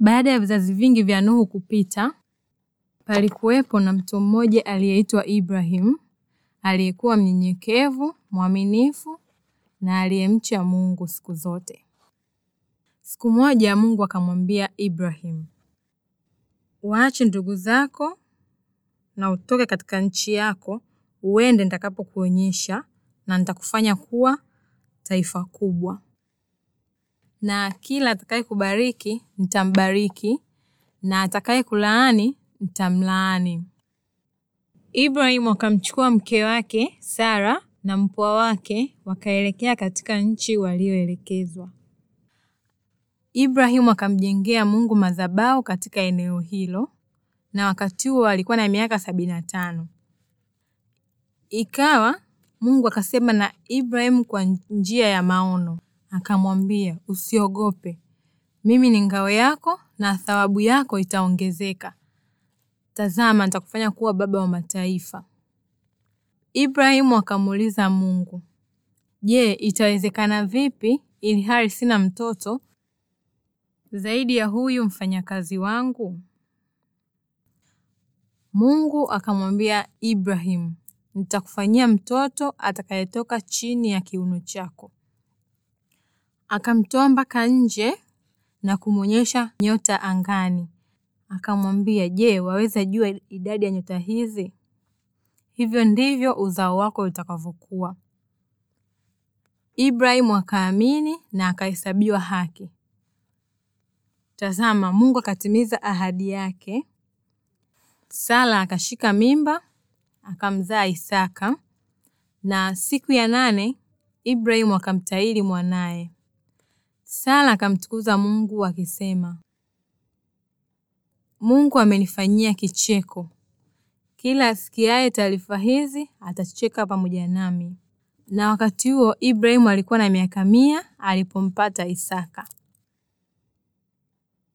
Baada ya vizazi vingi vya Nuhu kupita, palikuwepo na mtu mmoja aliyeitwa Ibrahim, aliyekuwa mnyenyekevu, mwaminifu na aliyemcha Mungu siku zote. Siku moja Mungu akamwambia Ibrahim, waache ndugu zako na utoke katika nchi yako, uende nitakapokuonyesha, na nitakufanya kuwa taifa kubwa na kila atakaye kubariki ntambariki na atakaye kulaani ntamlaani Ibrahimu akamchukua mke wake Sara na mpwa wake wakaelekea katika nchi walioelekezwa. Ibrahimu akamjengea Mungu madhabau katika eneo hilo, na wakati huo alikuwa na miaka sabini na tano. Ikawa Mungu akasema na Ibrahimu kwa njia ya maono akamwambia, usiogope, mimi ni ngao yako na thawabu yako itaongezeka. Tazama, nitakufanya kuwa baba wa mataifa. Ibrahimu akamuuliza Mungu, je, itawezekana vipi ili hali sina mtoto zaidi ya huyu mfanyakazi wangu? Mungu akamwambia Ibrahimu, nitakufanyia mtoto atakayetoka chini ya kiuno chako. Akamtoa mpaka nje na kumwonyesha nyota angani, akamwambia, je, waweza jua idadi ya nyota hizi? Hivyo ndivyo uzao wako utakavyokuwa. Ibrahimu akaamini na akahesabiwa haki. Tazama, Mungu akatimiza ahadi yake. Sara akashika mimba akamzaa Isaka, na siku ya nane Ibrahimu akamtahiri mwanaye. Sara akamtukuza Mungu akisema, Mungu amenifanyia kicheko. Kila asikiaye taarifa hizi atacheka pamoja nami. Na wakati huo Ibrahimu alikuwa na miaka mia alipompata Isaka.